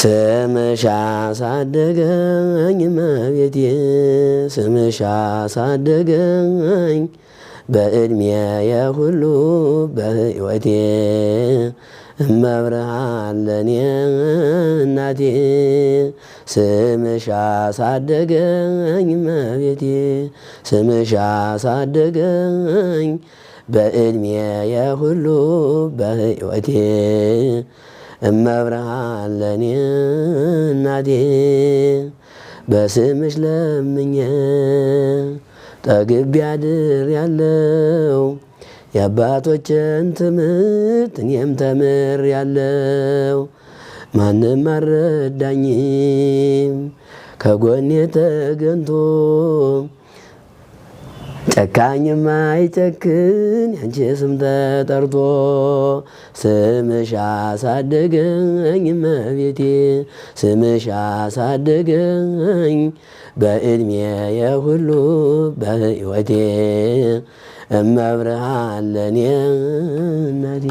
ስምሻ ሳደገኝ እመቤቴ ስምሻ ሳደገኝ በዕድሜ የሁሉ በሕይወቴ እመብርሃን ለኔ እናቴ ስምሻ ሳደገኝ እመቤቴ ስምሻ ሳደገኝ በዕድሜ የሁሉ በሕይወቴ እመብርሃን ለእኔ እናቴ በስምሽ ለምኜ ጠግቤ አድር ያለው የአባቶችን ትምህርት እኔም ተምር ያለው ማንም አረዳኝም ከጎኔ ተገንቶ ጨካኝ የማይጨክን ያንቺ ስም ተጠርቶ ስምሽ አሳደገኝ እመቤቴ ስምሽ አሳደገኝ የሁሉ በሕይወቴ እመብርሃን ለኔ እናቴ